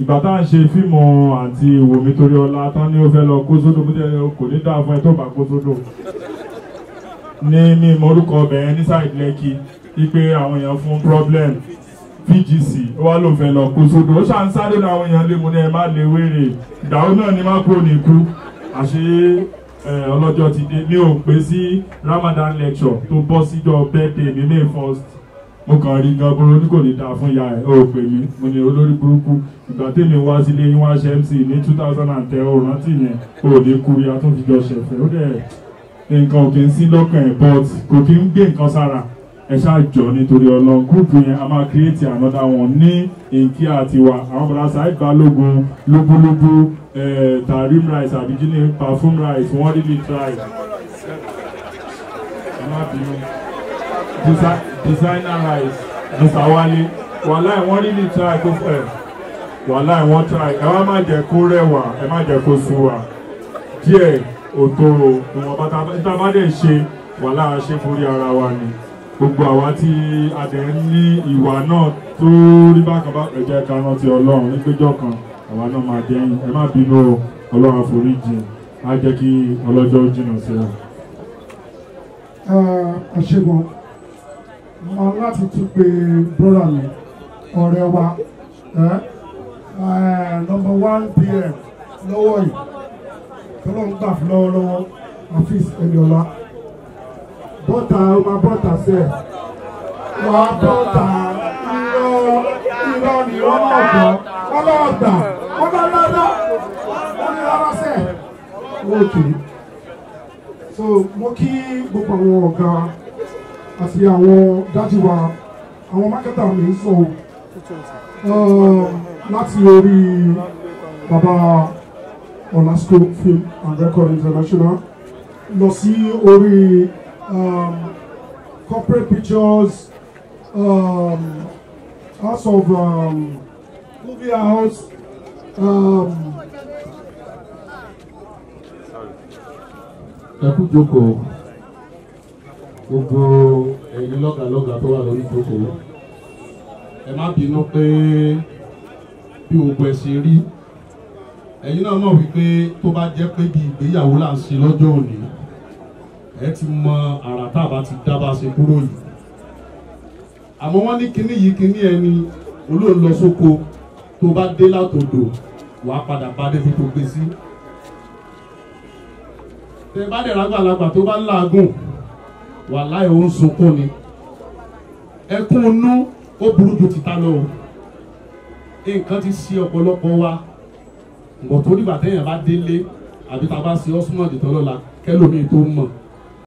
ìgbà tá à ń ṣe fíìmù àti Wùmí Toríọlá tán ni ó fẹ́ lọ kó sódò mútẹ́ kò ní dáa fún ẹ tó bá kó sódò ní mi mọ orúkọ ọbẹ̀ ní side Lẹ́kì wípé àwọn èèyàn fún problem PGC ó wá ló fẹ́ lọ kó sódò ó ṣà ń sáré ní àwọn èèyàn lé mu ní ẹ má lè wéré ìdáwó náà ni má kúrò ní àṣé ọlọ́jọ́ ti dé mi ò sí Ramadan lecture tó bọ́ síjọ́ birthday mi May 1 mo kàn rí gan gbọ́n ní kò ní dáa fún ìyá ẹ̀ ó pè mí mo ní olórí burúkú ìgbà tèmi wá sílé yín wá ṣe mc ní two thousand and ten ó rántí yẹn ó lè kúri atúnfijọ́ ṣẹ̀fẹ̀ ó dẹ̀ nǹkan ò kì í sí lọ́kàn ẹ̀ but kò kí ń gbé nǹkan sára ẹ ṣáàjọ nítorí ọlọ́run gúrùpù yẹn a máa kírètì ànádà wọn ní ìǹkí àtiwà àwọn bọ̀dá sáì balógun eh, tarim rice àbíjínì perfume rice wọ́n rí mi try designer eyes Mr. Wale wàláì wọ́n rí ní try kó ẹ̀ wàláì wọ́n try ẹ wá má jẹ́ kó rẹwà ẹ má jẹ́ kó sú wa díẹ̀ òtòrò ìwọ̀n bàtà tá a bá dẹ̀ ṣe wàláì a ṣe forí ara wa ni gbogbo àwa tí a dẹ̀ ń ní ìwà náà tó rí bákan bá ẹ jẹ́ ká rántí ọlọ́run kan àwa náà máa dẹ́yìn ẹ má bínú o ọlọ́run àforíjì á jẹ́ kí ọlọ́jọ́ jìnnà síra. Ah, ẹ ṣe gan wọn láti tún pé brọ́dà mi ọ̀rẹ́ wa nọmba one pm lọ́wọ́ yìí tọ́lọ́ ń gbà fún lọ́wọ́lọ́wọ́ afis ẹ̀yọ́lá bọ́tà ọmọ bọ́tà sẹ́ẹ̀ wà á bọ́tà irọ́ irọ́ ni wọ́n náà gbọ́ wọ́n náà gbà wọ́n náà lọ́dọ̀ wọ́n ní rárá sẹ́ẹ̀. so mo kí gbogbo àwọn ọ̀gá wa àti àwọn dájú wa àwọn mákẹ́tà mi ń sọ uh, láti orí bàbá Olasco Film and Record International lọ sí orí um, corporate pictures um, house of um, movie house. Um, Ẹ kú jókòó gbogbo ẹ̀yin lọ́gàlọ́gà tó wà lórí ìjókòó ẹ má bínú pé bí gbogbo ẹ̀ ṣe rí ẹ̀yin náà mọ̀ wípé tó bá jẹ́ pé bí ìgbéyàwó là ń ṣe lọ́jọ́ òní ẹ ti mọ àrà tá a bá ti dá bá ṣe kúrò yìí àmọ́ wọ́n ní kinní yìí kinní ẹni olóòn lọ sóko tó bá dé látòdò wàá padà bá débi tó gbé sí tẹ bá dẹ̀ lágbàlagbà tó bá ń làágùn wàláì ó ń sunkún ni ẹkún inú ó burú ju títà lọ o nǹkan ti ṣe ọ̀pọ̀lọpọ̀ wa ǹgbọ̀n tó dìgbà téèyàn bá délé àbí tá a bá ṣe ọ́sùnmọ̀ dìtọ́ lọ́la kẹ́lòmíì tó mọ̀